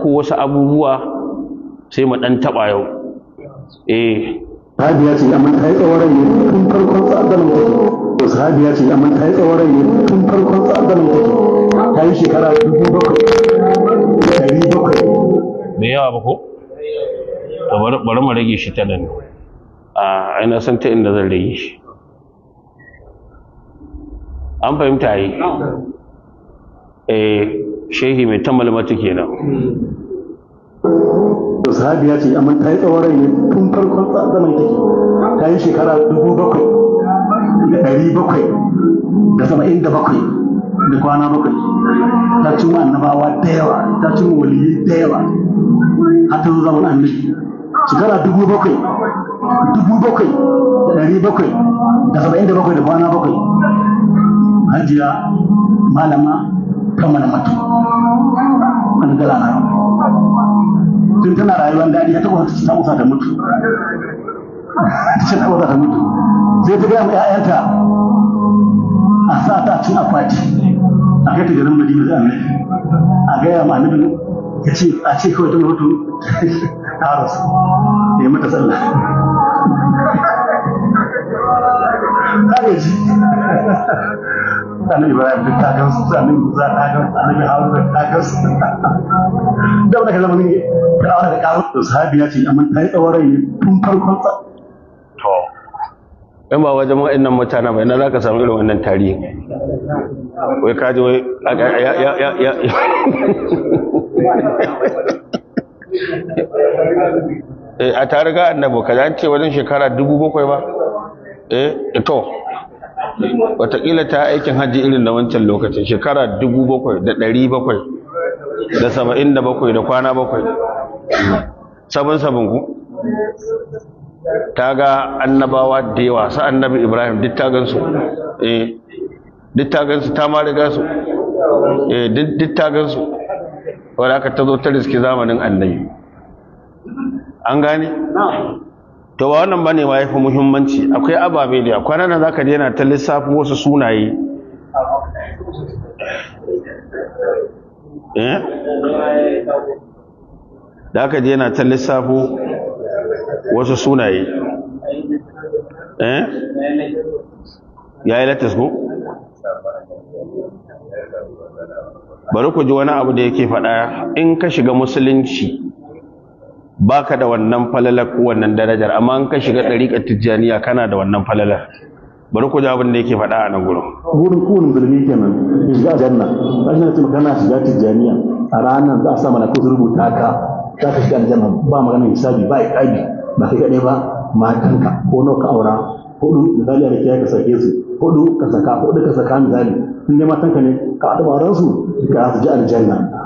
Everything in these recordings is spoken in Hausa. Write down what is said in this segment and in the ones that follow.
ko wasu abubuwa sai mu dan taba yau eh sahabiya ce amma ta yi tsawarai ne tun farkon tsaddan mutu sahabiya ce amma ta yi tsawarai ne tun farkon tsaddan mutu ta yi shekara dubu bakwai da yawa ba ko to bari mu rage shi ta nan a ina san ta inda zan rage shi an fahimta yi eh shehi mai ta malmatu kenan to sahabiya ce amma ta yi tsawarai ne tun farkon zaman take ta yi shekara dubu bakwai da ɗari bakwai da saba'in da bakwai da kwana bakwai ta cin annabawa da yawa ta cin waliyyi da yawa har ta zaman annabi shekara dubu bakwai dubu bakwai da ɗari bakwai da saba'in da bakwai da kwana bakwai hajiya malama kamar mutum wani gala na tun tana rayuwar daɗi ta kuma ta kusa ta mutu ta kusa ta mutu Zai ta gaya ma 'ya'yanta a sa ta cin akwati a kai ta garin madina da annabi a gaya ma annabi ya ce a ce kawai ta mutu ta rasu ya mata sallah ta gaji A ibrahim duk ta gansu da ka ne da da da sahabi ya ce amma ne tun farkon sa to in ba wajen mutanen ba ina za ka samu irin wannan tarihi wai ka ji wai ya ya ya ya eh, a an ce wajen shekara dubu bakwai ba eh to watakila ta aikin hajji irin na wancan lokacin shekara dubu bakwai da ɗari bakwai da saba'in da bakwai da kwana bakwai sabon sabon ku ta ga annabawa da yawa sa annabi ibrahim duk ta gansu eh duk ta gansu ta ma riga su eh duk ta gansu wadda aka ta zo ta riski zamanin annabi an gane na'am to ba wannan bane ma yafi muhimmanci akwai ababe da kwana nan zaka je yana ta lissafin wasu sunaye eh da aka je yana ta lissafo wasu sunaye eh ya yi latas ko bari ku ji wani abu da yake faɗa in ka shiga musulunci baka da wannan falalar ko wannan darajar amma an ka shiga dariƙar tijjaniya kana da wannan falalar bari ku jawabin da yake faɗa a nan gurin gurin kowane musulmi kenan shiga janna ne ce kana shiga tijjaniya a ranar za a sa mana ko rubuta ka za ka shiga janna ba magana hisabi ba iqabi ba ka kaɗai ba matanka ko nawa ka aura hudu misali da rikiya ka sake su hudu ka saka hudu ka saka misali in dai ka ne ka adabaransu ka su ji aljanna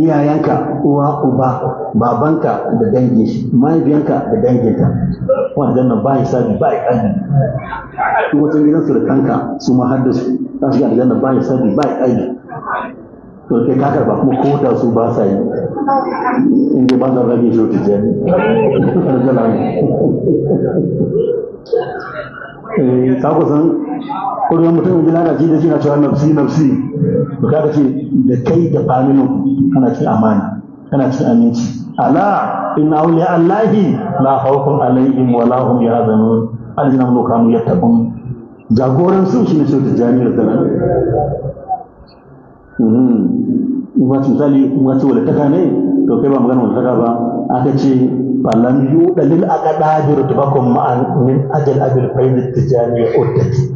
iyayenka uwa uba babanka da dangin shi mahaifiyanka da ta wannan nan ba hisabi ba ikani in wata gidan su da kanka su ma har da su za su ga aljanna ba hisabi ba ikani to ke ka ba kuma ko da su ba sa yi in dai ba da rage shi ta jani ta kusan ko da mutum ya lalace da suna cewa nafsi nafsi to kaga ce da kai da familin kana cikin amana kana cikin aminci ala inna awliya allahi la khawfun alaihim wa la hum yahzanun aljina mu kanu yattaqun jagoran su shine so da jami'ar da nan tsali misali wato wala taka ne to kai ba magana wala taka ba aka ce falam yu dalil aqada bi rutbakum ma'an min ajal abil fayd tijani uttati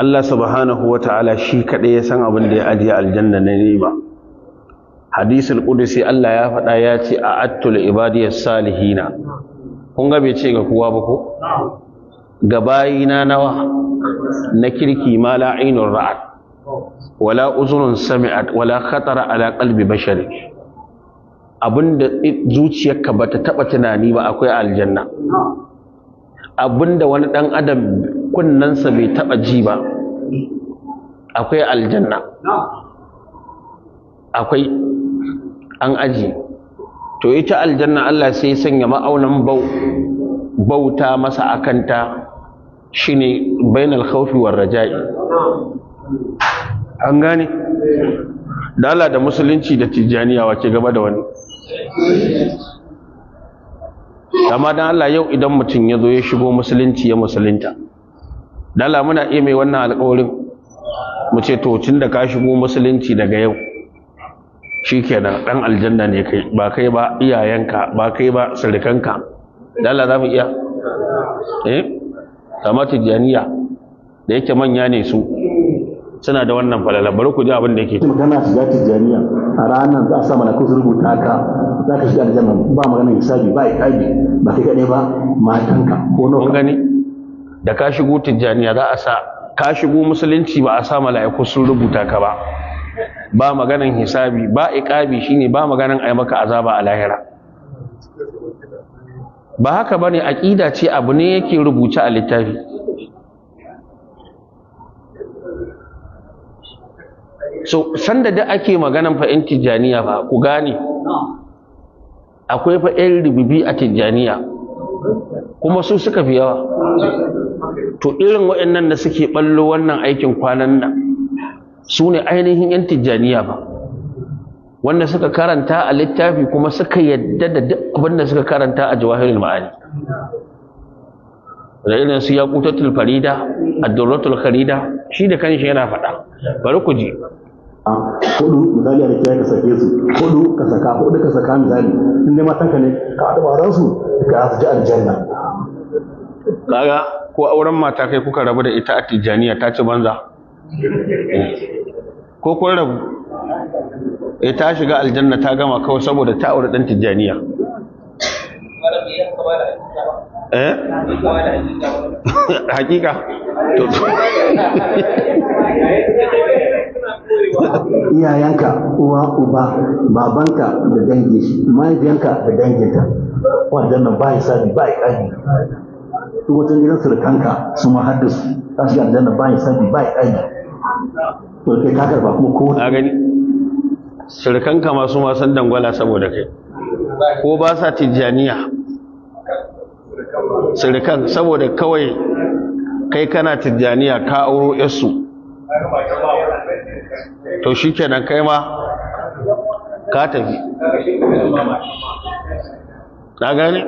Allah subhanahu wa ta'ala shi kaɗai ya san abin da ya ajiye aljanna na nema hadisul qudusi Allah ya faɗa ya ce a attul ibadiyas salihina kun ga ce ga kuwa ba ko ga bayina nawa na kirki ma la ainur wala uzunun sami'at wala khatara ala qalbi bashari da zuciyarka bata taba tunani ba akwai aljanna da wani ɗan adam kunnensa bai taɓa ji ba akwai aljanna akwai an aji to ita aljanna Allah sai sanya ma'aunan bauta masa akanta shine bainal khawfi war raja'i an gane dala da musulunci da tijaniya wace gaba da wani amma dan Allah yau idan mutum ya zo ya shigo musulunci ya musulunta dala muna iya mai wannan alƙawarin mu ce to tun da ka shigo musulunci daga yau shikenan dan aljanna ne kai ba kai ba iyayenka ba kai ba sirrikanka dala za mu iya eh kamar tijjaniya da yake manya ne su suna da wannan falala bari ku ji abin da yake magana shiga tijjaniya a ranar za a sa mana kusur rubuta ka za ka shiga aljanna ba magana hisabi ba iqabi ba kai kaɗai ba matanka ko nawa gani da ka shigo tijjaniya za a sa ka shigo musulunci ba a sa mala'iku sun rubuta ka ba ba maganan hisabi ba iqabi shine ba maganan ai maka azaba a lahira ba haka bane aqida ce abu ne yake rubuce a littafi so sanda da ake maganan fa yan tijjaniya ba ku gane akwai fa ɗan rububi a tijjaniya kuma su suka fi yawa to irin waɗannan da suke ballo wannan aikin kwanan nan su ne ainihin 'yan tijjaniya ba wanda suka karanta a littafi kuma suka yadda da duk wanda suka karanta a jawahirul ma'ani da irin su yaqutatul farida ad-dawlatul kharida shi da kanshi yana faɗa bari ku ji hudu misali da kiyaye ka sake su hudu ka saka hudu ka saka misali in dai matanka ne ka haɗa su ka su ji aljanna kaga ko auren mata kai kuka rabu da ita a tijjaniya ta ci banza ko kun rabu eh ta shiga aljanna ta gama kawai saboda ta aure dan tijjaniya eh hakika to iyayenka uwa uba babanka da dangi mahaifiyanka da danginta wannan ba ya sabi ba ya ƙari su wajen gidan kanka su ma haddasu da su za su ga aljanna bayan sabi ba ɗani to kai ka karba kuma ko a gani sirkanka ma su ma dangwala saboda kai ko ba sa tijjaniya Sirkan saboda kawai kai kana tijjaniya ka auro yasu to shikenan kai ma ka tafi na gane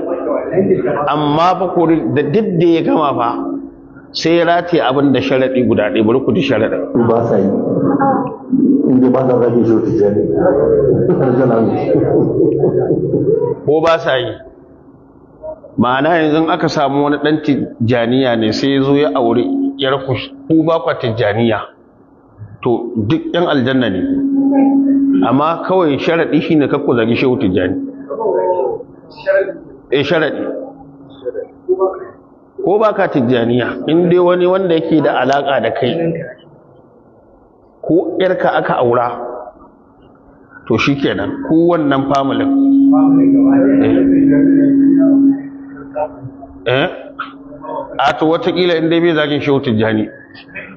amma fa ko da didde ya gama fa sai ya rataye abin da sharaɗi guda ɗaya bari ku ji sharaɗin ba sa yi inda ba sa rage shi wata jari ko ba sa yi ma'ana yanzu aka samu wani ɗan tijjaniya ne sai ya zo ya aure ya rakushi ku ba kwa tijjaniya to duk yan aljanna ne amma kawai sharaɗi ne kakku zagi shi wata jari eh sharadi ko ba ka tijjaniya in dai wani wanda yake da alaka da kai ko yarka aka aura to shikenan ko wannan family. eh, eh? a to watakila in dai bai zagin shehu tijjani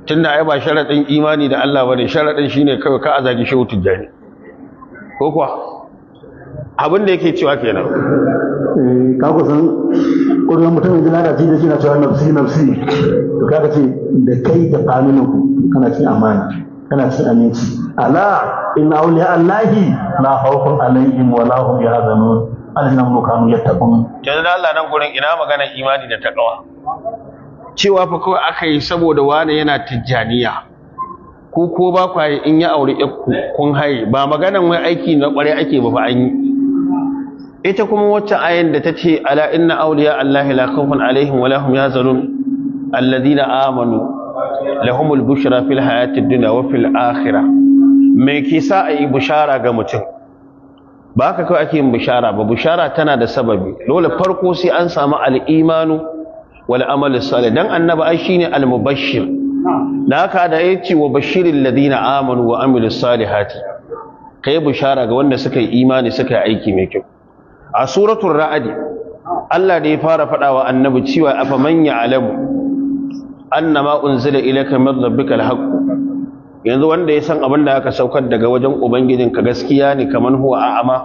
tunda ai ba sharadin imani da Allah bane sharadin shine kawai ka a zagi shehu tijjani ko kuwa abin da yake cewa kenan eh, ka kusan kullum mutum yanzu lalaci da shi na cewa nafsi nafsi to kaga ce da kai da familin ku kana cin amana kana cin aminci ala inna awliya allahi la khawfun alaihim wa la hum yahzanun annahum nu kanu yattaqun yanzu da Allah nan gurin ina magana imani da takawa cewa fa kawai aka yi saboda wani yana tijjaniya ko ko ba ku in ya aure ku kun haye ba maganan wai aiki na kware ake ba ba an yi ita kuma wacce ayin da ta ce ala inna awliya allahi la khawfun alaihim wa lahum yazalun alladhina amanu lahumul bushra fil hayati dunya wa fil akhirah me ke sa ayi bushara ga mutum ba haka kawai ake yin bushara ba bushara tana da sababi dole farko sai an samu al-imanu wal amalu salih dan annabi ai shine al-mubashshir da haka da yace wa bashirin ladina amanu wa amilus salihati kai bushara ga wanda suka yi imani suka yi aiki mai kyau a suratun ra'adi Allah da ya fara faɗawa annabi cewa afa man ya'lamu annama unzila ilayka min rabbikal haqq yanzu wanda ya san abin da aka saukar daga wajen ubangijin ka gaskiya ne kaman huwa a'ama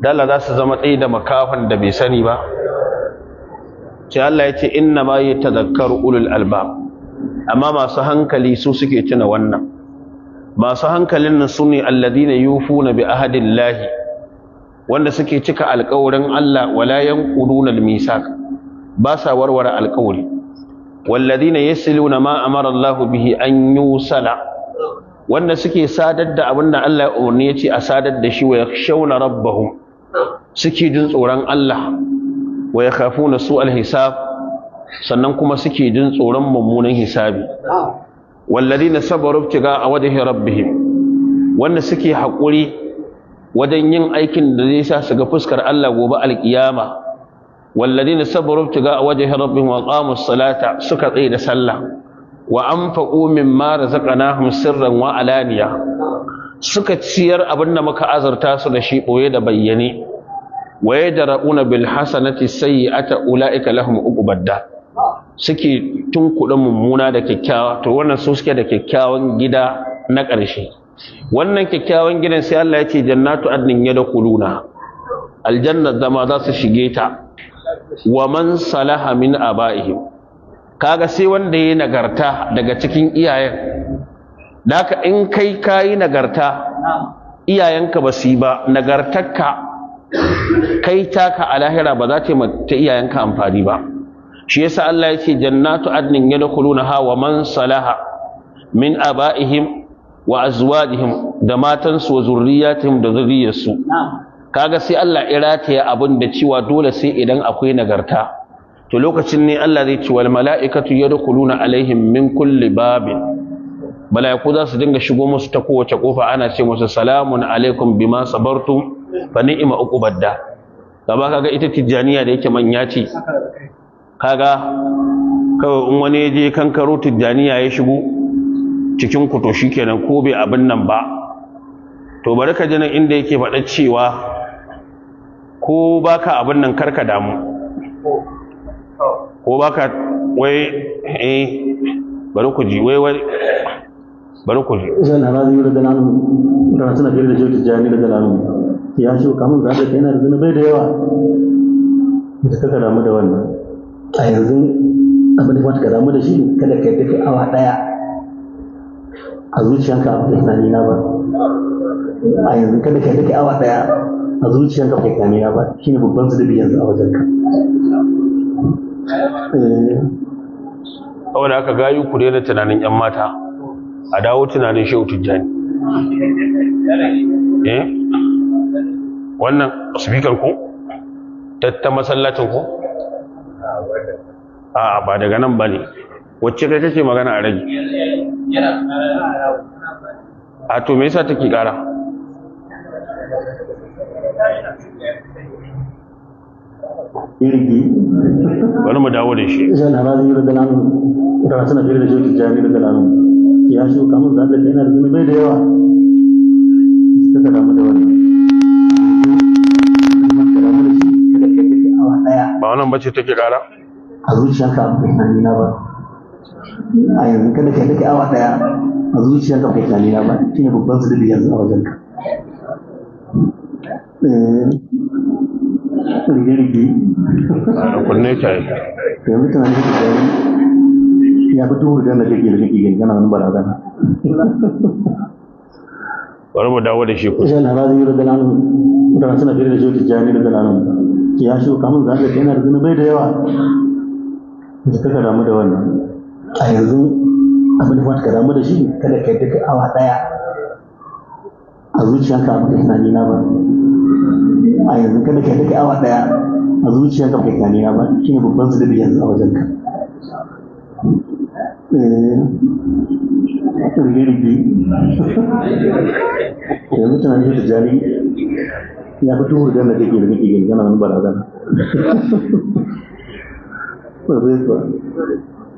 dala za su zama tsaye da makafan da bai sani ba sai Allah ya ce inna ma yatadhakkaru ulul albab amma masu hankali su suke tuna wannan masu hankalin nan sune alladina yufuna bi ahadillahi wanda suke cika alƙawarin Allah wala yanquduna al-misaq ba sa warware alƙawari walladhina yasluna ma amara Allah bihi an yusala wanda suke sadar da abinda Allah ya umarni yace a sadar da shi wa yakhshawna rabbahum suke jin tsoron Allah wa yakhafuna su'al hisab sannan kuma suke jin tsoron mummunan hisabi walladhina sabaru ibtiga a wajhi rabbihim wanda suke haƙuri wajen yin aikin da zai sa su ga fuskar Allah gobe alkiyama walladina tuga a wajhi rabbihim wa qamu salata suka tsaye da sallah wa anfaqu mimma razaqnahum sirran wa alaniya suka ciyar abin da muka azurta su da shi boye da bayyane wa yadra'una bil hasanati sayyi'ata ulaika lahum badda. suke tun kuɗin mummuna da kyakkyawa to wannan su suke da kyakkyawan gida na ƙarshe wannan kyakkyawan gidan sai Allah ya ce jannatu adnin ya da dakuluna Aljanna zama za su shige ta wa man salaha min aba'ihim kaga sai wanda yayi nagarta daga cikin iyayen daka in kai kayi nagarta iyayenka ba su yi ba nagartarka kai taka a lahira ba za ta ta iyayenka amfani ba shi yasa Allah ya ce jannatu adnin ya da kuluna ha wa man salaha min aba'ihim wa azwajihim da matansu wa zurriyatihim da zurriyarsu kaga sai Allah irataya abin da cewa dole sai idan akwai nagarta to lokacin ne Allah zai ce wal mala'ikatu yadkhuluna alaihim min kulli babin mala'iku za su dinga shigo musu ta kowace kofa ana ce musu salamun alaikum bima sabartum fa ni'ma uqubadda gaba kaga ita tijjaniya da yake manya ce kaga kawai in wani je kankaro tijjaniya ya shigo cikin ku to shikenan ko bai abin nan ba to bari ka ji nan inda yake faɗa cewa ko baka abin nan karka damu ko baka wai eh bari ku ji wai wai bari ku ji zan arazi da dalalu da suna da jirgin jami'a da dalalu ya shi kamun zaɓe kai yana da bai da yawa da ka damu da wannan a yanzu abin da ka damu da shi kada ka yi awa ɗaya a zuciyanka bai sani na ba a yanzu kada ka dake awa daya a zuciyanka bai sani na ba shine babban zubi yanzu a wajenka wani eh. aka gayu ku daina tunanin yan mata a dawo tunanin shehu tujjani eh? wannan speaker ku tatta masallacin ku a ba daga nan ba ne. wacce kai kake magana a rage a to me yasa take kara bari mu dawo da shi zan harazi da dalanu da suna fiye jirgin jirgin jami'ar da dalanu ya shi kamun da Allah yana da zunubai da yawa suka kada mu da wani ba wannan bace take kara a zuciya ka abu da ba na ba a yanzu kada ka dake awa daya a zuciyar ka kai tunani ba shi ne babban zunubi yanzu a wajen ka eh, rige-rige kunne ta yi yanzu tunani ka kai ya fito hujjar da kake da kake gani kana wani barazana bari mu dawo da shi ku sai alharazi yuru da lanu da suna fere da shi ta jami'ar da lanu ya shi kamun zaɓe yana da bai da yawa da suka damu da wannan a yanzu abin da ka damu da shi kada ka yadda awa ɗaya a zuciyarka ba ka tunani na ba a yanzu kada ka awa ɗaya a zuciyarka ba ka tunani na ba shi ne babban zubi yanzu a wajenka eh, ya fi tuhu da nake gina gina barazana.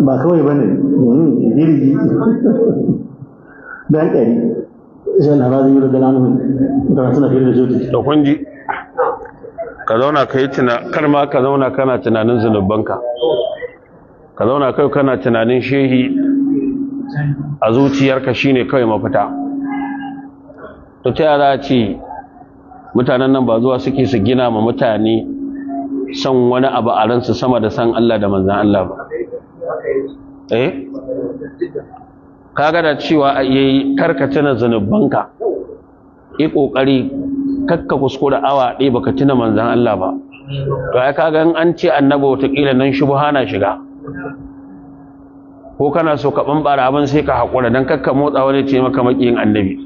ba kawai bane hmm, girgi dan ɗari sai na razi yura da lanuhu da suna fiye da jodi da kunji ka zauna ka yi tuna kar ma ka zauna kana tunanin zunubanka ka zauna kai kana tunanin shehi a zuciyarka shine kawai mafita to ta yara ce mutanen nan ba zuwa suke su gina ma mutane son wani abu a ransu sama da san Allah da manzan Allah ba Eh? kaga da cewa yayi karkata na zanubanka yi kokari kakka kuskura awa ɗaya baka tuna manzon Allah ba to ai kaga in an ce annabi watakila nan shubha na shiga ko kana so ka bambara abin sai ka haƙura don kakka motsa wani ce maka maƙiyin annabi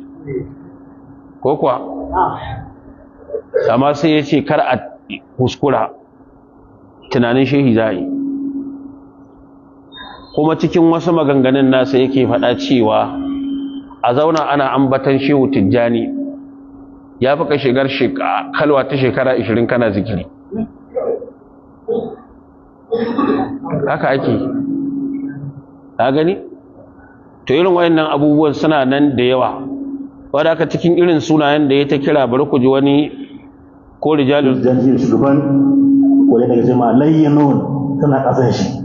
ko kuwa amma sai ya ce kar a kuskura tunanin shehi za kuma cikin wasu maganganun nasa yake faɗa cewa a zauna ana ambatan shehu tijjani ya fi ka shigar kalwa ta shekara 20 kana zikiri haka ake ta gani to irin wayannan abubuwan suna nan da yawa wadda aka cikin irin sunayen da ya ta kira bari ku ji wani ko rijalul janjir shugaban wale daga zama layyanun tana kasan shi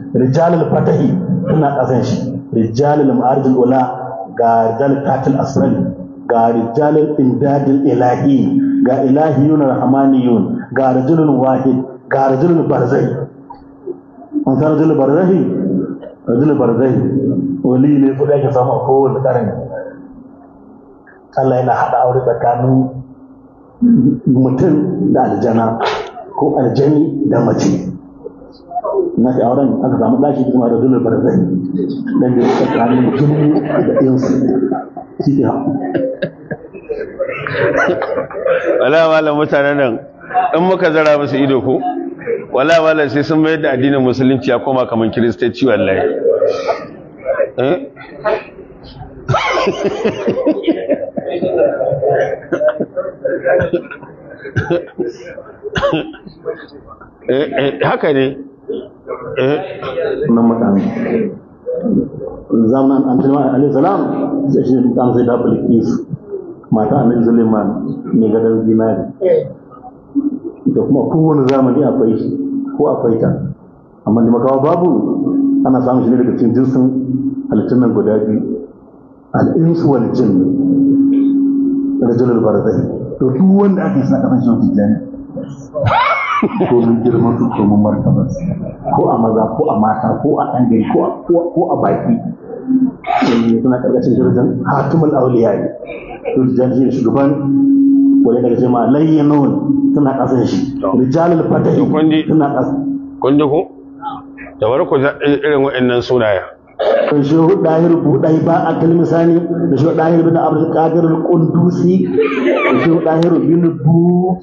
fatahi ina kasan shi rijalul ma'arjul ula ga rijalul katil asrani ga rijalil indadil ilahi ga ilahiyun rahmaniyun ga rijalil wahid ga rijalil barzahi an san rajulun barzahi rajulun barzahi wali ne kuɗi ake samu a kowane Allah yana haɗa aure tsakanin mutum da aljana ko aljani da mace na fi auren aka samu ɗaki kuma da zulul barzai dan da suka tsari jirgi da su shi ke haku wala malam mutanen nan in muka zara musu ido ko wala wala sai sun mayar da addinin musulunci ya koma kamar kiristoci wallahi eh? Eh, eh, haka ne Eh, na mutane zaman annabi alaihi salam sai shi kan sai da bilkis mata a annabi Suleiman mai gadar zinari da kuma kowane zamani akwai shi ko akwai ta amma da makawa babu ana samun shi ne daga cikin jinsin halittun nan guda biyu al'insu wal jin rajulul barzai to duk wanda ake yi kafin shi wata jani ko mun girma su ko mun martaba su ko a maza ko a mata ko a ɗan gari ko a baki eh, suna ƙarƙashin jirgin hatimul auliya ne rijan shi shugaban wani daga jama'a layyanun suna ƙasan shi rijalul fatahi suna ƙasan kun ji ko da wani ku irin waɗannan sunaya da shi ɗahir buɗai ba a kalmisani da shi ɗahir bin abdul qadir al-qundusi da shi ɗahir bin bu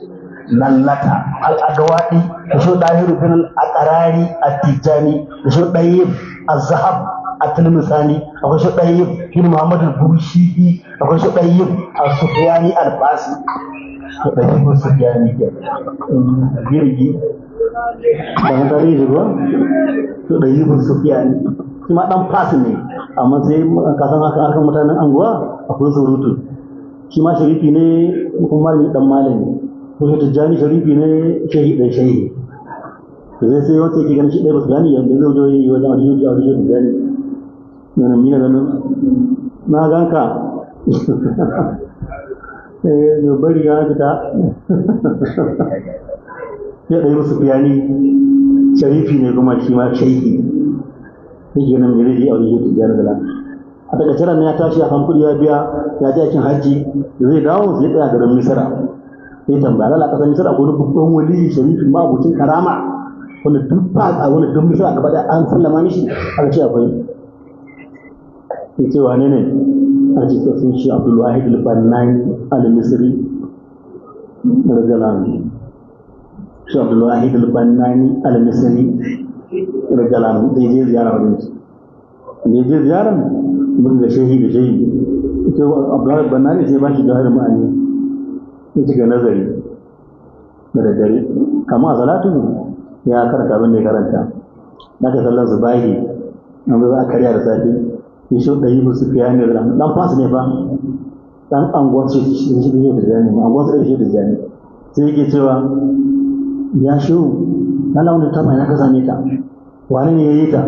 lallata al'agawaɗi da su da bin al'aƙarari a tijjani da su ɗayyib a zahab a tilmisani akwai su ɗayyib bin muhammadu burshidi akwai su ɗayyib a sufiyani albasi su ɗayyib sufiyani ke girgi da dare shi ba su ɗayyib sufiyani kuma ɗan fasi ne amma sai kasan harkar mutanen anguwa akwai surutu shi ma sharifi ne kuma malami ɗan malami kuma tijjani sharifi ne shehi ɗan shehi to zai sai wata yake ganin shi ɗaya ba gani yadda zai zo yi wajen ajiyoyi ajiyoyi da na nan mina da nan na ganka eh no bari ya fita ya dai musu biyani sharifi ne kuma shi ma shehi yake nan gari zai ajiyoyi da gani da lafiya a daga ne ya tashi a hankuli ya biya ya je aikin hajji zai dawo zai tsaya garin misira sai tambaya lalla kasan sai akwai babban wali sharifi ma abucin karama wanda duk ba a wani duk misira gaba da an sallama mishi a ce akwai sai wane ne a ce sun shi abdulwahid al-bannai al-misri rajalan shi abdulwahid al-bannani al-misri rajalan da ya ziyara wajen shi da ya je ziyaran mun da shehi da shehi ita abdulwahid al-bannani sai ba shi da harin ma'ani sai kika nazari da daddare kamar a salatu ya karanta abin da ya karanta na ka sallar zubahi an za a karya da safe ya shi da yi musu fiya ne da dan fasu ne ba dan anguwa ce shi shi da jani ma anguwa ce shi da jani sai yake cewa ya shi na launi ta mai na kasa same ta wani ne ya yi ta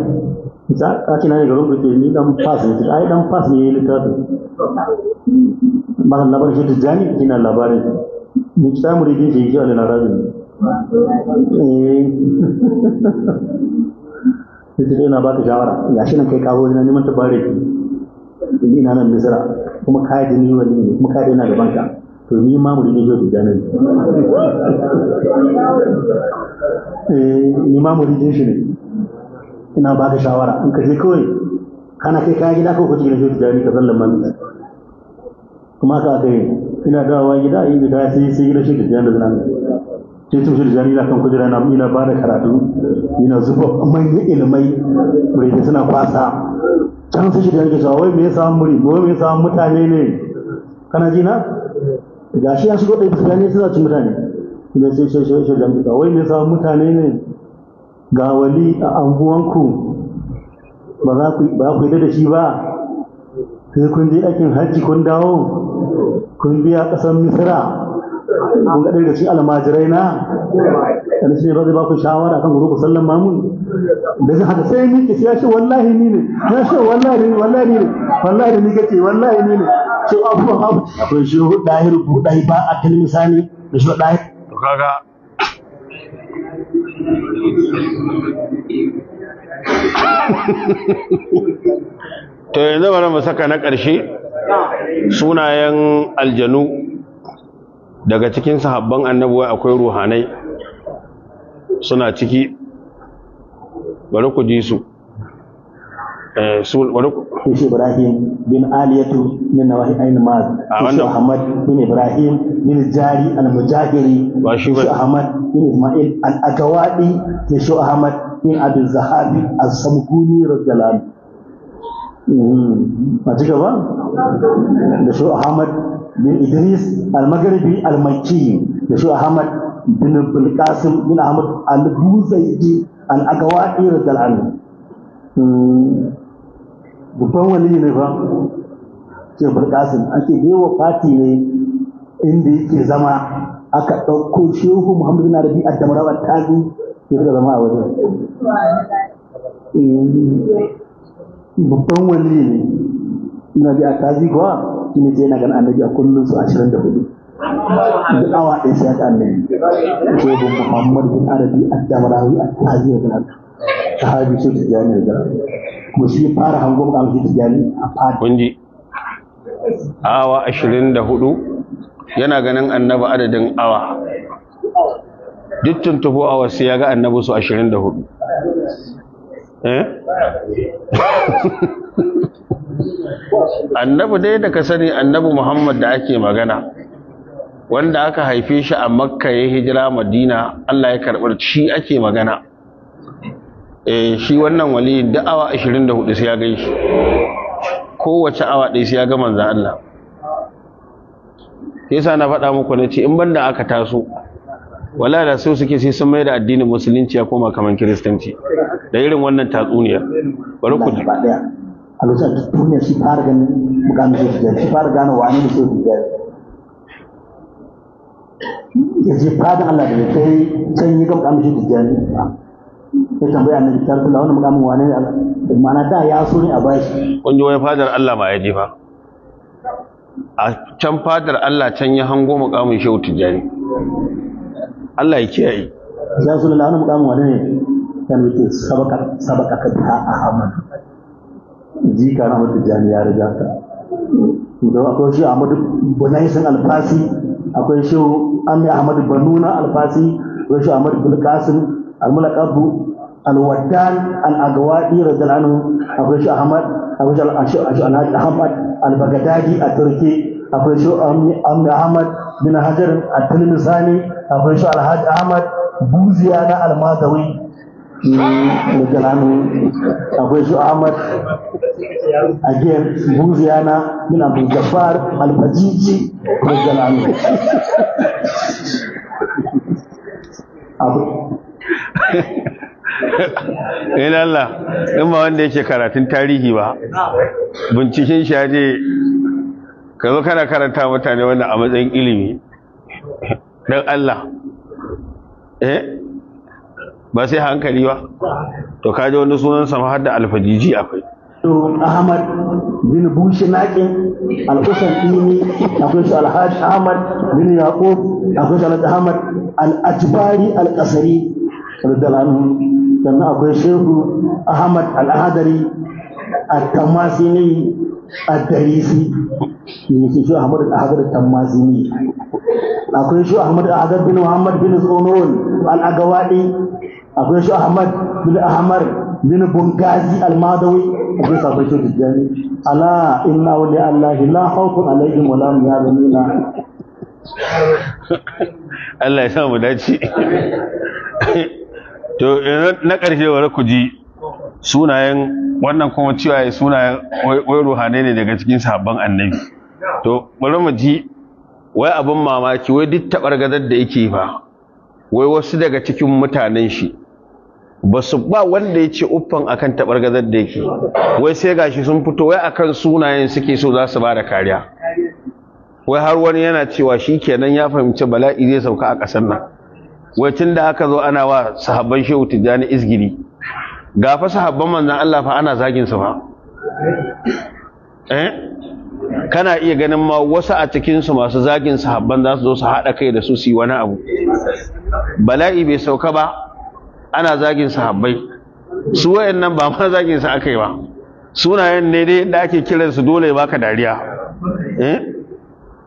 za a kina ne garin kuke ni dan pass ne ai dan pass ne littafi eh. ba labarin shi tijani kina labarin ni kita muridi shi ji alina rabin eh sai na baka shawara ya shi nan kai kawo na neman tabare ki ina nan misra kuma kai da ni wani ne kuma kai ina gaban ka to ni ma muridi shi tijani eh ni ma muridi shi ne ina ba ka shawara in ka je kawai kana kai kaya gida ko kuce ne shi jari ka zallan man kuma ka kai ina dawowa gida yi gida sai sai gida shi da da zanan ce su shi jari kan kujera na ina ba da karatu ina zuba manyan ilmai da suna kwasa can su shi da yake cewa wai me ya samu muri wai me ya samu mutane ne kana ji na gashi an shigo da mutane suna cin mutane da sai shi shi shi da wai me ya samu mutane ne ga wali a anguwanku ba za ku ba ku da shi ba sai kun je aikin hajji kun dawo kun biya ƙasar misira kun ga da shi almajirai na An shi ba zai ba ku shawara kan ku sallan mamun da shi haka sai miki ya ce wallahi ni ne ya ce wallahi ni wallahi ni ne wallahi ni kace wallahi ni ne ce abu abu akwai shi dahiru dahi ba a kalmisa sani da shi dahi to kaga to yanzu bari mu saka na ƙarshe sunayen aljanu daga cikin sahabban annabuwa akwai ruhanai suna ciki bari ku ji su Eh, sun wani shi ibrahim bin aliyatu min nawahi ain maz shi ahmad bin ibrahim bin jari al mujahiri shi ahmad bin ismail al agawadi ke shi ahmad bin abin zahabi al samkuni radiyallahu hmm. a ci gaba da shi ahmad bin idris al maghribi al makki da shi ahmad bin bulqasim bin ahmad al buzaidi al agawadi radiyallahu hmm. babban wani ne ba ce burkasin ake wa fati ne inda yake zama aka ɗauko shehu muhammadu na rabi a damarawar tazi ke fi zama a wajen eh, babban wali ne na bi a tazi kuwa shi ne ce na gana annabi a kullum su ashirin da hudu da awa ɗaya shi aka annabi shehu muhammadu na rabi a damarawi a tazi ya gana sahabi shi su jami'ar jami'ar kuma fara hangon awa 24 yana ganin annabi adadin awa duk tuntubo awa sai ya ga annabi su 24 eh annabi dai da ka sani annabi muhammad da ake magana wanda aka haife shi a makka ya hijira madina allah ya karɓar shi ake magana Eh, shi wannan wali da awa 24 sai ya gan shi kowace awa ɗai sai ya ga manzan Allah sa na faɗa muku na ce in ban da aka taso wala da sai suke sai sun mai da addinin musulunci ya koma kamar kiristanci da irin wannan tatsuniya bari ku ji a lokacin da duniya shi fara ganin mukamin jirgin shi fara gane wani da ke jirgin ya je fadin Allah da ya kai can yi ga mukamin jirgin ya tambaya annabi ta rasulullah wannan mukamin wane ne da mana da ya so ne a bashi kun ji wani fadar Allah ma ya ji fa a can fadar Allah can ya hango mukamin shehu tijani Allah ya kiyaye ya ne wani mukamin wane ne kan yake sabaka sabaka ka biha ahmad ji na mutu tijani ya riga ka don akwai shi Ahmadu Bunaisin Alfasi akwai shi Ami Ahmadu Banuna Alfasi akwai shi Ahmadu Bulkasin Almulakabu الوتان الأقوادي رضي الله عنه أبو شو أحمد أبو شو أشو الحاج أحمد البغدادي التركي أبو شو أمي أمي أحمد بن هجر التلمساني أبو شو الحاج أحمد بوزيانا الماضوي رضي الله عنه أبو شو أحمد أجيب بوزيانا من أبو جفار al رضي الله عنه أبو eh Allah in ba wanda yake karatun tarihi ba binciken shi ya je? ka zo kana karanta mutane wanda a matsayin ilimi dan Allah eh ba sai hankali ba to kaje wani sunan sama har da alfajiji akwai Ahmad bin Bushi Naki, Al-Husayn Dini akwai su Alhaji Ahmad bin Yaqub akwai su Alhaji Ahmad Al-Ajbari Al-Qasari radiyallahu anhu sannan akwai shehu ahmad al'adari al tamazini al-darisi yake shi ahmad al-ahadar akwai shi ahmad al-ahadar bin muhammad bin tsonon al-agawadi akwai shi ahmad bin ahmar bin bungazi al-madawi akwai sabon shi tijjani ala inna wali allahi la khawfun alaihim wa la hum yahzanuna Allah ya samu mu dace to eh, na ƙarshe wa ku ji sunayen wannan kuma cewa ya sunayen wai ruhanai ne daga cikin sabon annabi to bari mu ji wai abin mamaki wai duk gadar da yake ba wai wasu daga cikin mutanen shi ba su ba wanda ya ce uffan akan gadar da yake wai sai gashi sun fito wai akan sunayen suke so za su ba da kariya wai har wani yana cewa shi kenan ya fahimci bala'i zai sauka a ƙasar nan wacin da aka zo ana wa sahabban shehu tijjani izgiri ga fa sahabban manzan Allah fa ana zagin su fa eh kana iya ganin ma wasu a cikin su masu zagin sahabban za su zo su haɗa kai da su su yi wani abu bala'i bai sauka ba ana zagin sahabbai su wayannan ba ma zagin su akai ba sunayen ne dai da ake kiransu dole baka dariya eh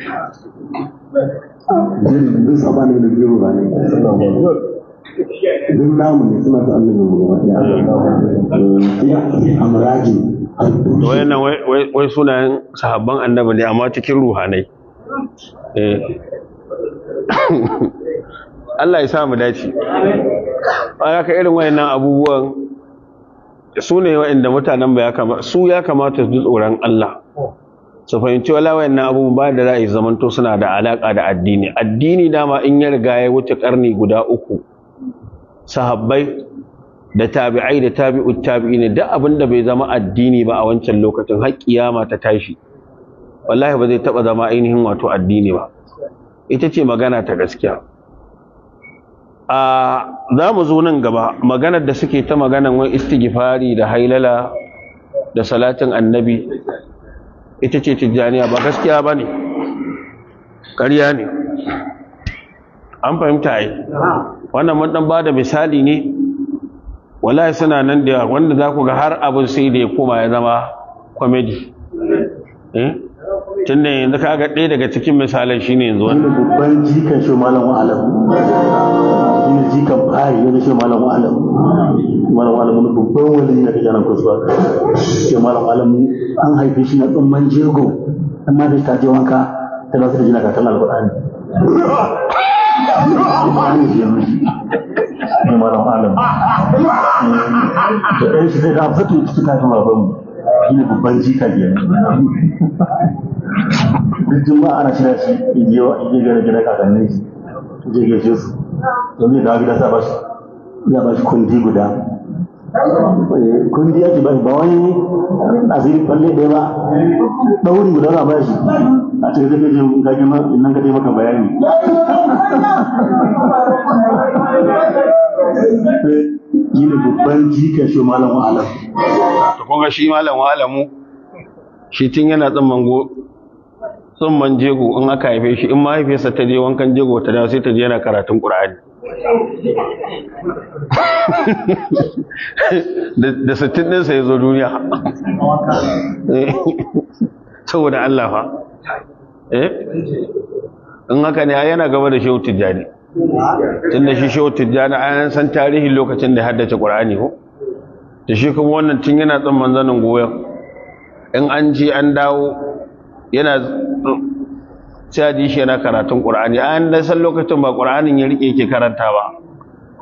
Duk sabanin suna ta annabi sahabban annabi ne amma cikin ruhanai. Eh. Allah ya sa mu dace. Ana ka irin wayannan abubuwan su ne wa'inda mutanen ba ya kamata su ya kamata su tsoron Allah. su fahimci wala wayannan abubuwan ba da za yi zamanto suna da alaka da addini addini dama in ya riga ya wuce karni guda uku sahabbai da tabi'ai da tabi'ut tabi'ina duk abin da bai zama addini ba a wancan lokacin har kiyama ta tashi wallahi ba zai taba zama ainihin wato addini ba ita ce magana ta gaskiya a za mu zo nan gaba maganar da suke ta maganar wai istighfari da hailala da salatin annabi ita ce tijjaniya ba gaskiya ba ne ƙariya ne an fahimta yi wannan mun dan ba da misali ne wallahi suna nan da wanda za ku ga har abin sai da ya koma ya zama kwamedi eh tunda da ka ga ɗaya daga cikin misalan ne yanzu wani babban jikan shi malam jikan yana shi malam malam wani babban wani ne da jaran kusuwa shi malam an haife shi na tsumman jego an ta wanka ta ba su da jina katon alƙur'ani malam da ɗan shi zai da fatu shi ne babban jika biyar duk juma'a ana shirya shi igiyo igiyo da gida kakannin shi je gaishe su to zai dawo gida sa shi ba shi kundi guda kungiya ce ba ba wani asiri falle ɗaya ba ɗauri guda za ba shi a cikin zai kaje gaji in nan kaje maka bayani yi ne babban jikan shi malam wa'alam ta kunga shi malam wa'alamu shi tun yana tsamman go tsamman jego in aka haife shi in mahaifiyarsa ta je wankan jego ta dawo sai ta je yana karatun qur'ani da sittin ɗinsa ya zo duniya saboda Allah fa eh in haka ne yana gaba da shehu tijjani tun da shi shehu tijjani an san tarihin lokacin da haddace ƙur'ani ko da shi kuma wannan tun yana tsamman zanin goyon in an ji an dawo yana sai a shi yana karatun ƙur'ani a yan san lokacin ba ƙur'anin ya riƙe ke karanta ba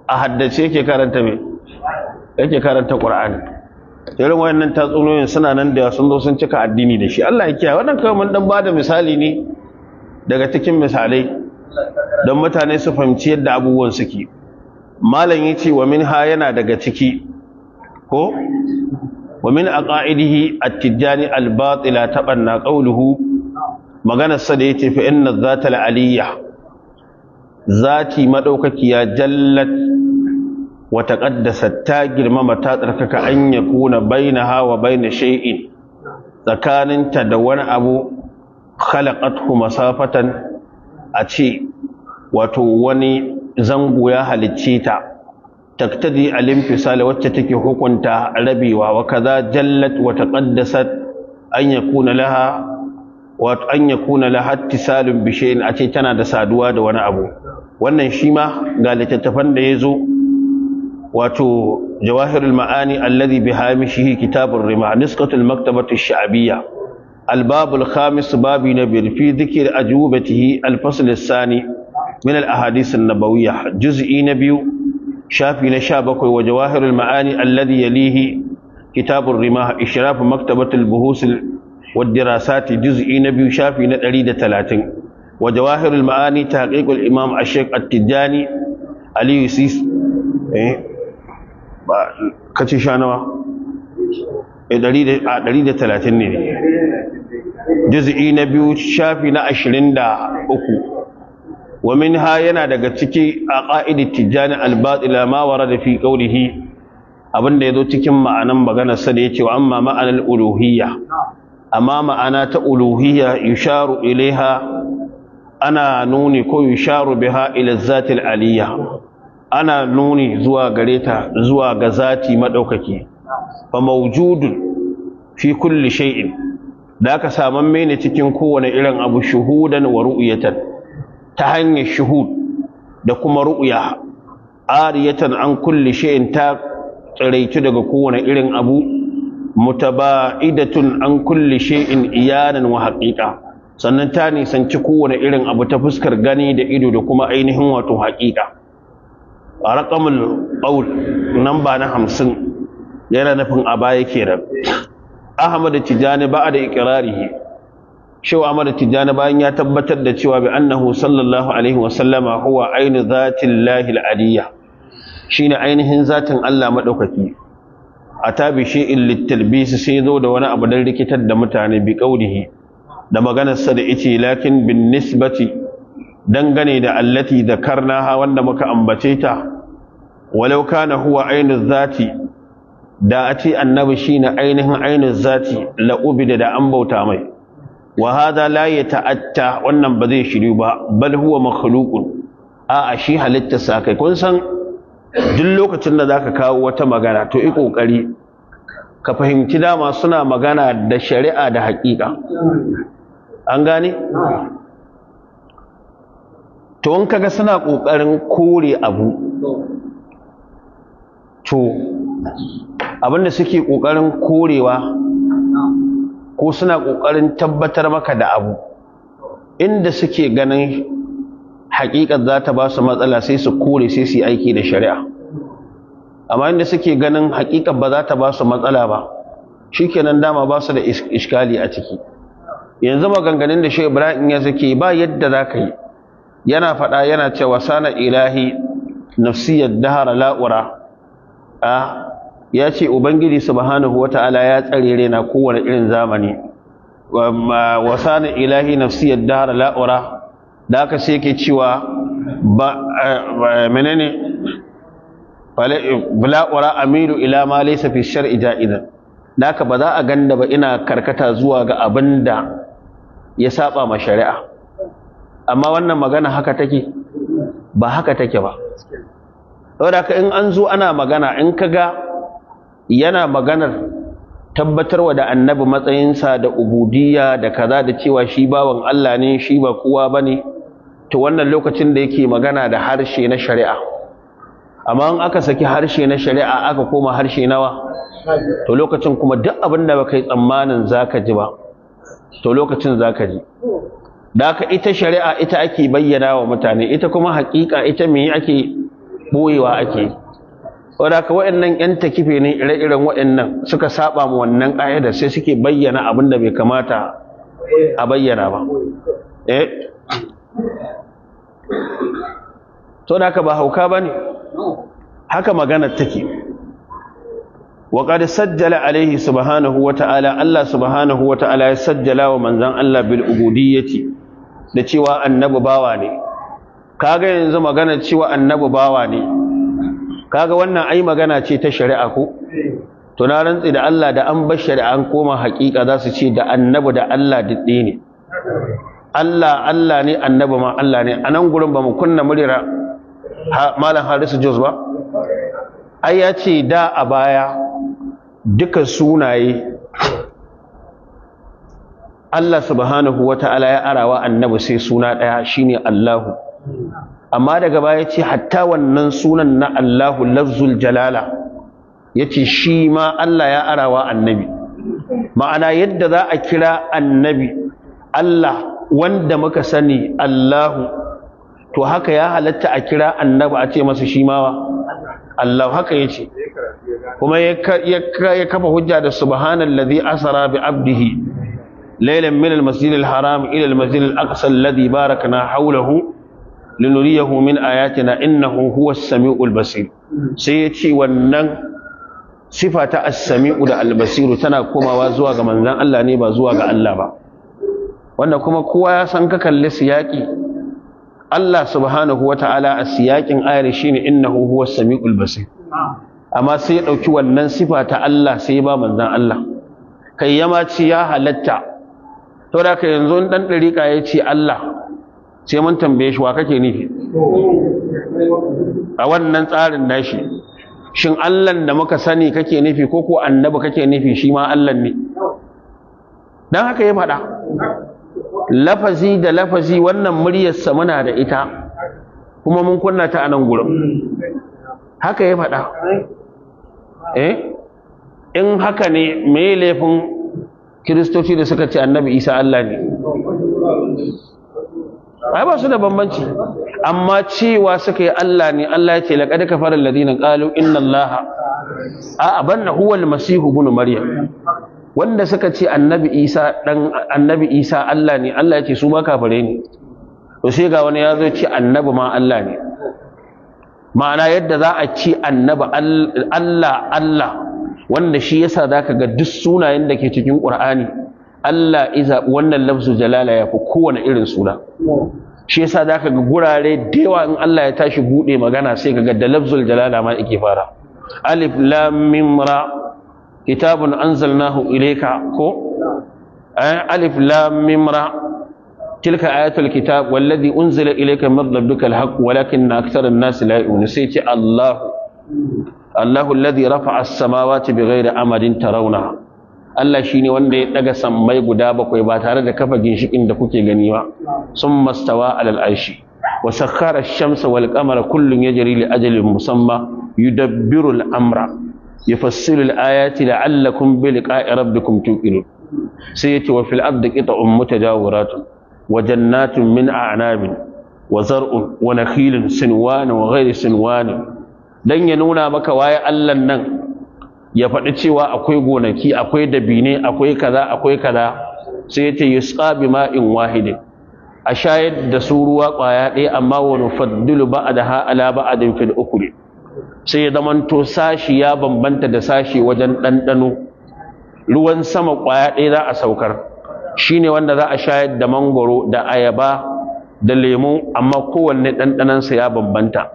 a haddace yake karanta mai yake karanta ƙur'ani irin wayannan tatsuniyoyin suna nan da sun zo sun cika addini da shi Allah ya kiyaye wannan kawai mun dan bada misali ne daga cikin misalai don mutane su fahimci yadda abubuwan suke malam yace wa ha yana daga ciki ko wa min aqaidihi at-tijani al-batila tabanna qawluhu maganar sa ya yace fa inna zatal aliyya zati madaukakiya jallat wa taqaddasat ta girmama ta tsarkaka an yakuna bainaha wa baina shay'in tsakaninta da wani abu khalaqathu masafatan a ce wato wani zango ya halicce ta taktadi al wacce take hukunta rabewa wa kaza jallat wa taqaddasat an yakuna laha wato an ya kuna lahatti salin bishirin a ce tana da saduwa da wani abu wannan shi ma ga littattafan da ya zo wato jawahirul ma'ani alladhi bi hamishihi kitabur rima nisqatul maktabati ash-sha'biyya al-babul khamis Babu na bir fi dhikr ajubatihi al-fasl ath-thani min al-ahadith nabawiyya juz'i na biyu shafi na sha bakwai, wa jawahirul ma'ani alladhi yalihi kitabur rima ishraf maktabati al-buhus والدراسات جزء نبي شافي نتريد ثلاثين وجواهر المعاني تحقيق الإمام الشيخ التجاني علي يسيس كتش شانوا دليل ثلاثين نيني جزء نبي شافي نأشرين دا أكو ومنها ينا daga ciki aqaid at-tijani al-batila ma warada fi qawlihi abinda yazo cikin ma'anan maganar sa da yace amma ma'anal uluhiyya amma ma'ana ta uluhiyya yusharu ilaiha ana nuni ko yusharu biha ila zatil aliyya ana nuni zuwa gare zuwa ga zati madaukaki fa mawjudun fi kulli shay'in da aka saman mene cikin kowane irin abu shuhudan wa ru'yatan ta hanyar shuhud da kuma ru'ya ariyatan an kulli shay'in ta tsiraitu daga kowane irin abu mutaba'idatun an kulle sha'in iyanan wa haqiqa sannan ta nisanci kowane irin abu ta fuskar gani da ido da kuma ainihin wato haƙiƙa. a raqamul qawl nan ba na hamsin yana nufin a baya kenan ahmad tijani ba da iqrarihi shaw da tijani bayan ya tabbatar da cewa bi annahu sallallahu alaihi wa huwa ainu dhatillahi al-aliyya shine ainihin zatin Allah maɗaukaki ata bi shay'in litalbis sai zo da wani abu dan rikitar da mutane bi qaulihi da maganarsa da ice lakin bin nisbati dangane da allati Karnaha wanda muka ambace ta walau kana huwa ainu zati da a ce annabi shine ainihin ainu zati la'ubi da da an bauta mai wa hada la ta'atta wannan ba zai shiru ba bal huwa makhluqun a'a shi halitta sa kai kun san duk lokacin da zaka kawo wata magana to yi kokari ka fahimci dama suna magana da shari'a da haƙiƙa an gane to wanka kaga suna kokarin kore abu to abinda suke ƙoƙarin korewa ko suna ƙoƙarin tabbatar maka da abu inda suke ganin haƙiƙar za ta ba su matsala sai su kore sai su yi aiki da shari'a amma inda suke ganin haƙiƙar ba za ta ba su matsala ba shikenan dama ba su da iskali a ciki yanzu maganganun da shi ibrahim ya suke ba yadda za ka yi yana faɗa yana cewa sana ilahi nafsiyar dahara la'ura a ya ce ubangiji subhanahu wata'ala ya tsare rena kowane irin zamani wa sana ilahi nafsiyar dahara la'ura da aka sai yake cewa ba eh, menene bala ura amiru ila ma laysa fi shar'i ja'idan da aka ba za a ganda ba ina karkata zuwa ga abin da ya saba ma shari'a amma wannan magana haka take ba haka take ba saboda ka in an zo ana magana in ka ga yana maganar tabbatarwa da annabi matsayinsa da ubudiyya da kaza da cewa shi bawan Allah ne shi ba kowa bane to wannan lokacin da yake magana da harshe na shari'a amma in aka saki harshe na shari'a aka koma harshe nawa to lokacin kuma duk abin da baka yi tsammanin zaka ji ba to lokacin zaka ji da ka ita shari'a ita ake bayyana wa mutane ita kuma hakika ita me ake boyewa ake wadda ka wa'annan yan takife ne ire-iren wa'annan suka saba mu wannan ƙa'idar sai suke bayyana abin da bai kamata a bayyana ba eh to da haka ba hauka ba ne haka maganar take wa qad sajjala alaihi subhanahu wa ta'ala Allah subhanahu wa ta'ala ya sajjala wa manzon Allah bil ubudiyyati da cewa annabi bawa ne kaga yanzu magana cewa annabi bawa ne kaga wannan ai magana ce ta shari'a ko to na rantsi da Allah da an bar shari'a an koma haƙiƙa za su ce da annabi da Allah didde ne Allah Allah ne annabi ma Allah ne a gurin ba mu kunna muryar malam harisu jos ba ai ya ce da a baya duka sunaye Allah subhanahu wata'ala ya arawa annabi sai suna ɗaya shine Allahu amma daga baya ce hatta wannan sunan na Allahu lafzul jalala yace shi ma Allah ya arawa annabi ma'ana yadda za a kira annabi Allah wanda muka sani Allahu to haka ya halatta a kira annabi a ce masa shi mawa Allah haka yace kuma ya kafa hujja da subhanallazi asara bi abdihi laylan min al-masjid al-haram ila al baraka na haulahu. alladhi barakna hawlahu linuriyahu min ayatina innahu huwa as-sami'ul basir sai yace wannan sifa ta as-sami'u da al-basiru tana komawa zuwa ga manzon Allah ne ba zuwa ga Allah ba wanda kuma kowa ya san ka kalli siyaki Allah subhanahu wa Ta'ala a siyakin ayar shine na huhuwar samiul basir amma sai ya ɗauki wannan sifa ta Allah sai ya ba manzan Allah kai yama ci ya halatta to da ka yanzu ɗan dariƙa ya ce Allah sai mun tambaye shi wa kake nufi a wannan tsarin nashi shin allah da muka sani kake nufi ko ko annabi kake nufi shi ma Allah ne dan haka ya faɗa lafazi da lafazi wannan muryarsa muna da ita kuma mun kunna ta a gurin haka ya faɗa eh in haka ne me laifin kiristoci da suka ce annabi isa Allah ne ai ba su da bambanci amma cewa suka yi Allah ne Allah ya ce laqad kafara alladhina qalu inna allaha a abanna huwa masihu ibn maryam wanda suka ce annabi isa dan annabi isa Allah ne Allah ya ce su ba kafare ne to sai ga wani ya zo ce annabi ma Allah ne ma'ana yadda za a ci annabi Allah Allah wanda shi yasa ka ga duk sunayen da ke cikin Qur'ani Allah iza wannan lafzu jalala ya fi kowane irin suna shi yasa ka ga gurare da yawa in Allah ya tashi bude magana sai ka ga da lafzul jalala ma yake fara alif lam mim ra kitabun anzalnahu ilayka ko eh, alif lam mim ra tilka ayatul kitab wallazi unzila ilayka min rabbika alhaq walakin aktharan nas la yu'minun sai ce allah allah alladhi rafa'a as-samawati bighairi amadin tarawna Allah shine wanda ya daga sammai guda bakwai ba tare da kafa ginshikin da kuke gani ba summa stawa alal arshi wa sakhara ash-shamsa wal qamara kullun yajri li ajalin musamma yudabbiru al-amra yufassilu al-ayati la'allakum da liqa'i rabbikum tuqinun sai yace wa fil ardi qita'un mutajawiratun wa jannatun min a'nabin wa zar'un wa nakhilun sinwan wa ghayri sinwan dan ya nuna maka waya Allah nan ya faɗi cewa akwai gonaki akwai dabine akwai kaza akwai kaza sai yace yusqa bima'in wahidin a shayar da su ruwa kwaya ɗaya amma wani faddilu ba a da ha'ala ba a damfin ukuri sai ya zamanto sashi ya bambanta da sashi wajen ɗanɗano ruwan sama ƙwaya ɗaya za a saukar shine wanda za a shayar da mangoro da ayaba da lemu amma kowanne ɗanɗanansa ya bambanta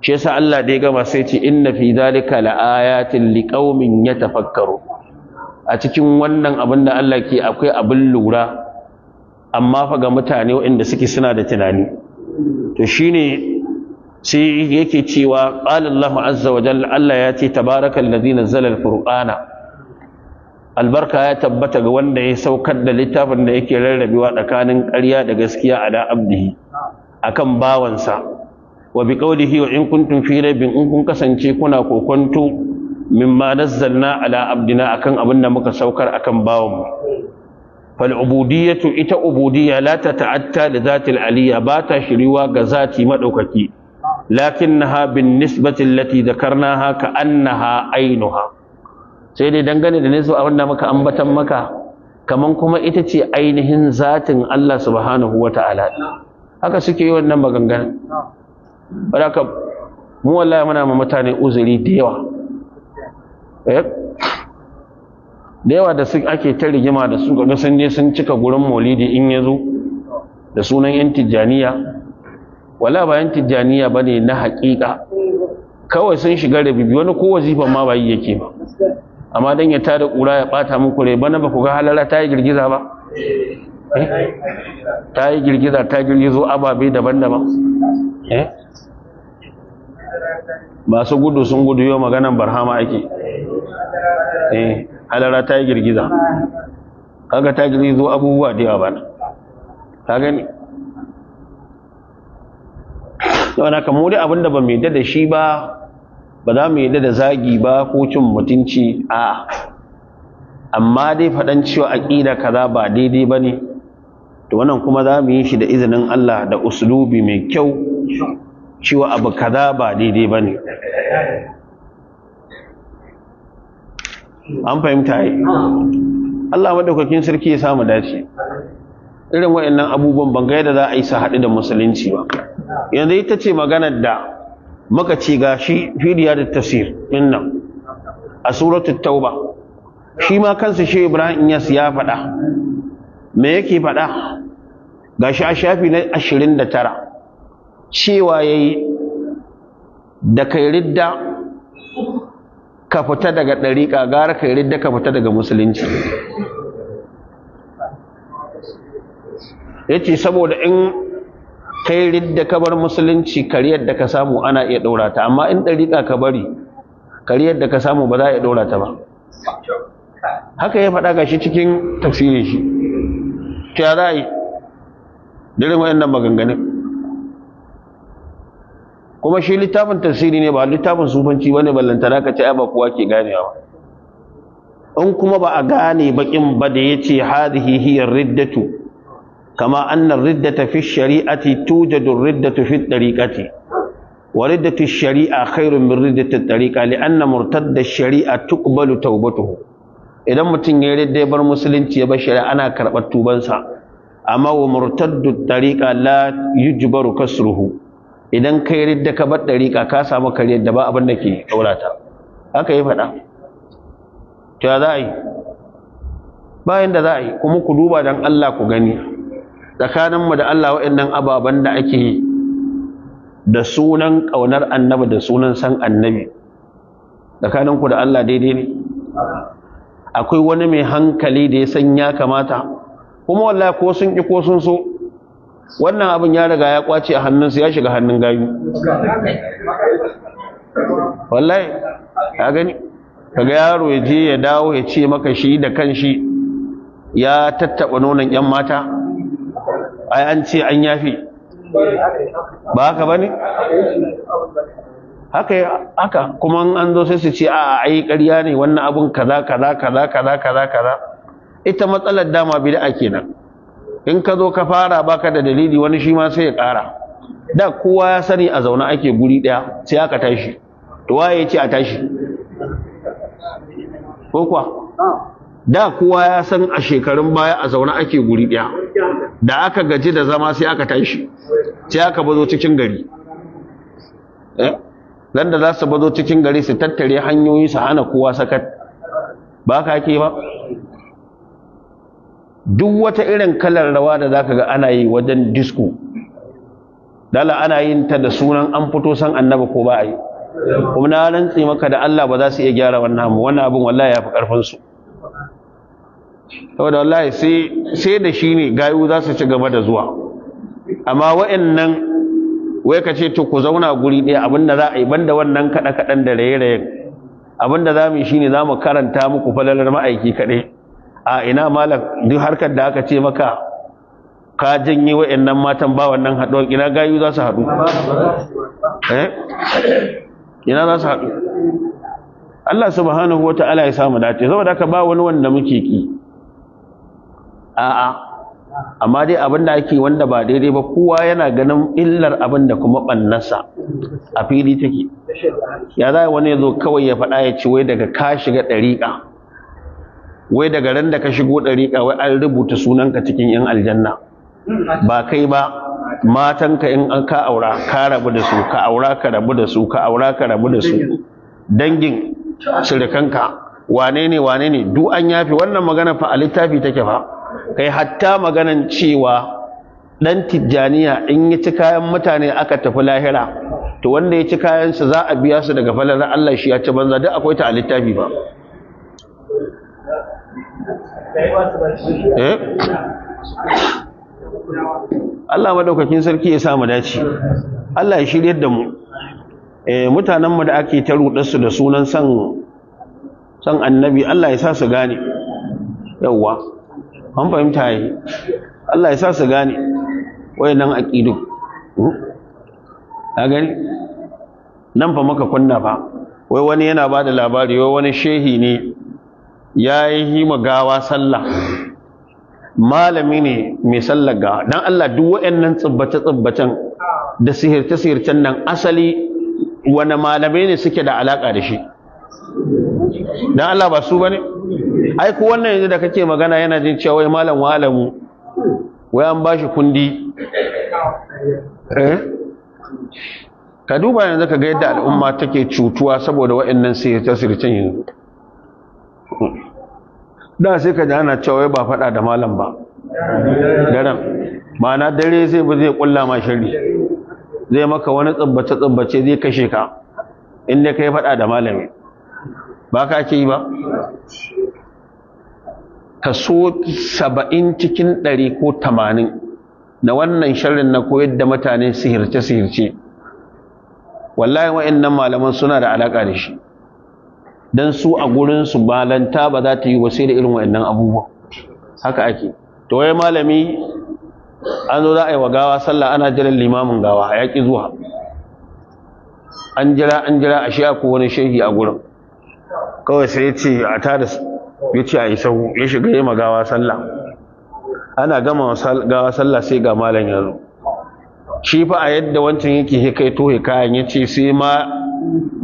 shi yasa Allah da ya gama sai ce inna fi zalika laayatin liqaumin yatafakkaru a cikin wannan abin da Allah ke akwai abin lura amma fa ga mutane waɗanda suke suna da tunani to shine sai yake cewa qala Allah Allah ya ce tabarakal ladzi nazzala al-qur'ana albarka ya tabbata ga wanda ya saukar da littafin da yake rarrabewa tsakanin ƙarya da gaskiya a da abdihi akan bawansa wa bi qawlihi wa in kuntum fi raibin in kun kasance kuna kokonto mimma nazzalna ala abdina akan abin da muka saukar akan bawanmu ta'atta إتا عبودية لا aliyya ba ta shiriwa ga zati مدوككي lakinnaha bin nisbati da dhakarnaha ka annaha ainuha sai dai dangane da nisba abinda muka ambatan maka kaman kuma ita ce ainihin zatin Allah subhanahu ta'ala. haka suke yi wannan maganganun baraka mu wallahi muna ma mutane uzuri da yawa eh? da yawa da su ake ta rigima da su ga sun je sun cika gurin maulidi in ya zo da sunan yan tijjaniya wala bayan tijjaniya ba ne na haƙiƙa kawai sun shiga da bibi wani ko wazifan ma bayi yake ba amma don ya tada ƙura ya ɓata muku rai bana ba ku ga halara ta yi girgiza ba eh? ta yi girgiza ta girgizo ababe daban-daban eh? masu gudu sun gudu yau maganan barhama ake eh, halara ta yi girgiza kaga ta girgizo abubuwa da yawa ba Ta ka gani saboda kan mu dai abinda ba mu yadda da shi ba ba za mu yadda da zagi ba ko cin mutunci a amma dai faɗan cewa aƙida kaza ba daidai ba ne to wannan kuma za mu yi shi da izinin Allah da uslubi mai kyau cewa abu kaza ba daidai ba ne an fahimta yi Allah madaukakin sarki ya samu dace irin waɗannan abubuwan ban ga yadda za a yi su haɗu da musulunci ba yanzu ita ce maganar da muka ci ga shi filiya da tafsir din nan a suratul tauba shi ma kansa shi ibrahim yas ya faɗa me yake faɗa Gashi a shafi na ashirin da tara. cewa yayi da kai ridda ka fita daga ɗariƙa gara kai ridda ka fita daga musulunci yace saboda in kai ridda ka bar musulunci kariyar da ka samu ana iya ɗora ta amma in ɗariƙa ka bari kariyar da ka samu ba za a iya ɗora ta ba haka ya faɗa gashi cikin tafsirin shi ta za a yi dirin nan maganganun kuma shi littafin tafsiri ne ba littafin sufanci ba ne ballantana ka ce ai ba kowa ke ganewa ba in kuma ba a gane baƙin ba da ya ce hadihi hiyar riddatu كما أن الردة في الشريعة توجد الردة في الطريقة وردة الشريعة خير من ردة الطريقة لأن مرتد الشريعة تقبل توبته إذا متن يريد يبر مسلم يبر شريعة أنا كربت توبانسا أما ومرتد الطريقة لا يجبر كسره إذا كيرد كبت طريقة كاسا ما كيرد دبا أبنك أولاتا هكذا يفعل تذاي باين تذاي كم كدوبا دان الله كغني mu da Allah waɗannan ababen da ake da sunan ƙaunar annabi da sunan san annabi tsakaninku da Allah daidai ne akwai wani mai hankali da ya san ya kamata kuma wallahi ko sun ƙi ko sun so wannan abin ya riga ya kwace a hannunsu ya shiga hannun gayu wallahi ya gani kaga yaro ya je ya dawo ya ce maka shi da kanshi ya tattaɓa nonon yan mata ai an ce an yafi ba haka ba ne? haka haka kuma an zo sai su ce a ai ƙarya ne wannan abun kaza kaza kaza kaza kaza kaza ita matsalar dama bid'a kenan in ka zo ka fara baka da dalili wani shi ma sai ya ƙara da kowa ya sani a zaune ake guri ɗaya sai aka tashi to waye ya ce a tashi ko kuwa ah. da kowa ya san a shekarun baya a zaune ake guri ɗaya da aka gaji da zama sai aka tashi sai aka bazo cikin gari dan eh? da za su bazo cikin gari su tattare hanyoyi su hana kowa sakat ba ka ke ba duk wata irin kalar rawa da zaka ga ana yi wajen disco dala ana yin ta da sunan an fito san annabi ko ba ai yi kuma na rantsi maka da Allah ba za su iya gyara wannan mu. wannan abin wallahi ya fi karfin su saboda wallahi sai da shi ne gayu za su ci gaba da zuwa amma wa'annan wai ka ce to ku zauna guri ɗaya abinda za a yi banda wannan kada kaɗen da raye-rayen abinda za mu yi shine za mu karanta muku falalar ma'aiki kaɗai a ina malam duk harkar da aka ce maka ka janye wa'annan matan ba wannan haɗuwar ina gayu za su haɗu eh? ina za su haɗu Allah subhanahu wa ta'ala ya samu dace saboda haka ba wani wanda muke ki a'a amma dai abin da ake wanda ba daidai ba kowa yana ganin illar abin da kuma bannansa a fili take ya za wani ya zo kawai ya faɗa ya ci wai daga ka shiga ɗariƙa wai daga ran da ka shigo ɗariƙa wai an rubuta sunanka cikin 'yan aljanna ba kai ba matanka in an ka aura ka rabu da su ka aura ka rabu da su ka aura ka rabu da su dangin sirikanka wane ne wane ne duk an yafi wannan magana fa a littafi take fa kai hatta maganan cewa dan tijjaniya in yi ci kayan mutane aka tafi lahira to wanda ya ci kayansa za a biya su daga falar Allah shi ya ci banza duk akwai ta a littafi ba eh? Allah madaukakin sarki ya sa mu dace Allah ya shiryar da mu eh mutanen mu da ake ta su da sunan san san annabi Allah ya sa su gane yawwa an fahimta yi Allah ya sa su gane wayannan aqidu a gani nan fa maka kunna fa wai wani yana ba da labari wai wani shehi ne ya yi hima gawa sallah malami ne mai sallar gawa don Allah duk waɗannan tsibbace-tsibbacen da sihirce-sihircen nan asali wani malamai ne suke da alaƙa da shi don Allah ba su ba ne ai ku wannan yanzu da kake magana yana jin cewa wai malam wai an bashi kundi eh? ka duba yanzu ka ga yadda al'umma take cutuwa saboda waɗannan sai ta sirce yanzu da sai ka ji ana cewa ba faɗa da malam ba daren ma'ana dare zai bi zai kulla ma shari zai maka wani tsabbace tsabbace zai kashe ka inda ka yi faɗa da malami ba ka ake yi ba kaso saba'in cikin ɗari ko tamanin na wannan sharrin na koyar da mutane sihirce-sihirce wallahi wa'annan malaman suna da alaƙa da shi don su a gurinsu balanta ba za ta yi wasu da irin wa'annan abubuwa haka ake to wai malami an zo za a yi wa gawa sallah ana jiran limamin gawa a yaƙi zuwa an jira an jira a shi ko wani shehi a gurin kawai sai ya ce a tada ya ce a yi sahu ya shiga yi magawa sallah ana gama gawa sallah sai ga malam ya zo shi fa a yadda wancan yake hikaito hikayen ya ce sai ma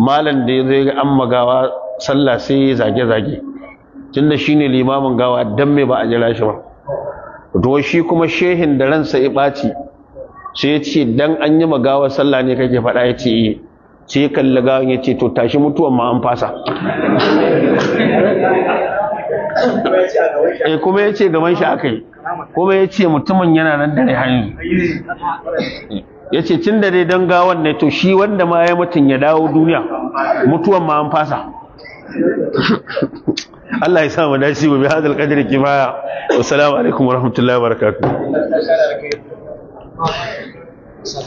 malam da ya zai ga an magawa sallah sai zage-zage tun da shi ne limamin gawa don mai ba a jira shi ba to shi kuma shehin da ransa ya ɓaci sai ya ce dan an yi magawa sallah ne kake faɗa ya ce eh. sai ya kalli ya ce to tashi mutuwan ma an fasa eh kuma ya ce gaban shi aka yi kuma ya ce mutumin yana nan da rai hanyu ya ce cin da dai don gawan ne to shi wanda ma ya mutum ya dawo duniya mutuwan ma an fasa Allah ya samu dashi wa bi hadal qadri kifaya assalamu alaikum wa rahmatullahi wa barakatuh Só